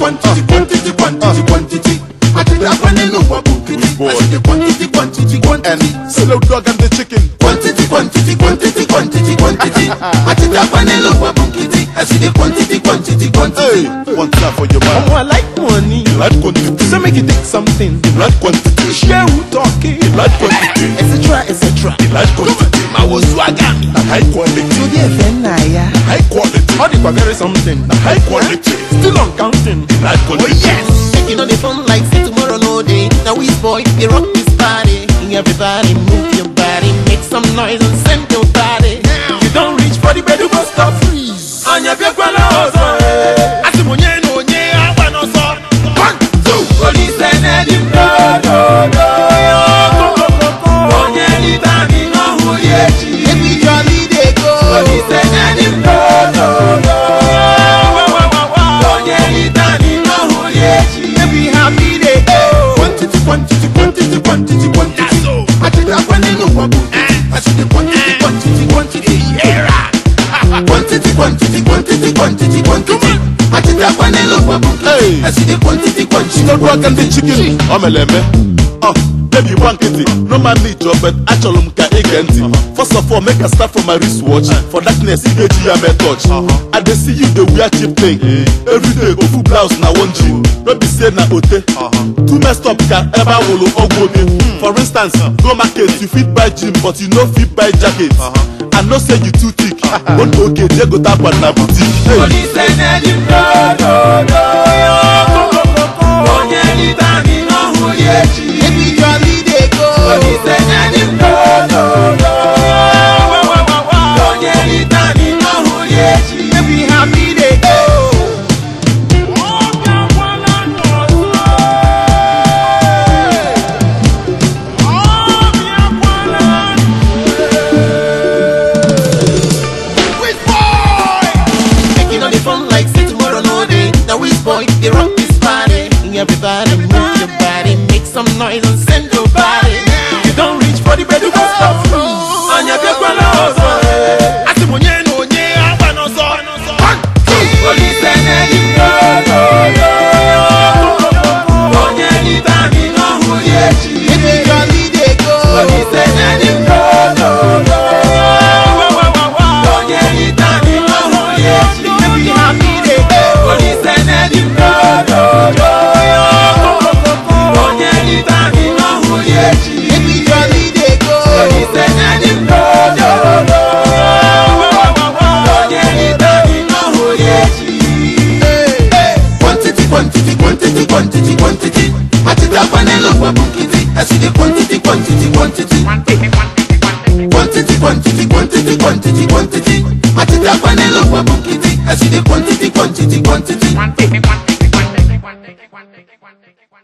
quantity, quantity, quantity, quantity, quantity. I tell you, I'm no more I see the quantity, quantity, quantity. And slow dog and the chicken. Quantity, quantity, quantity, quantity, quantity. I tell you, I'm no more I see the quantity, quantity, quantity. Hey, one time for your man. Oh, I like money. You eh? like quantity. So make you take something. You like quantity. Share who talking. You like quantity. Etc. Etc. You like quantity. I was swagger. I like quantity. So dear, then I a very something. The high quality, still on counting. high quality. Oh yes. Taking on the fun like say tomorrow no day. Now we boy, we rock this party. Everybody move your body, make some noise and nkiti atitira kwa n'elokwa bụ nkiti esidi kwa ntiti kwa nchi tọdụ aka ndị chikin omeleme oh, baby gba nkịtị no man need job but achọrọ m ka ige ntị uh-huh. first of all make a start from my wristwatch uh-huh. for darkness ị ga-eji ya mee touch uh-huh. i dey see you dey wear cheap thing everyday ofu blouse na one jean no be say na ote too messed up ka ebe awụlụ ọgwụ oge for instance go market you fit buy jean but you no fit buy jacket i know say you too thick otu okenye gote akwa na butik boy, you rock this party. Everybody move your body, make some noise and send your body. You don't reach for the bed, you go stop cruise. Anya Biakwala Ozo, no no One, two, police quantity, quantity. Matita panelo wa bukiti. I see the quantity, quantity, quantity. Quantity, quantity, quantity, quantity, quantity. Matita panelo wa bukiti. I see the quantity, quantity, quantity. Quantity, quantity, quantity, quantity, quantity, quantity.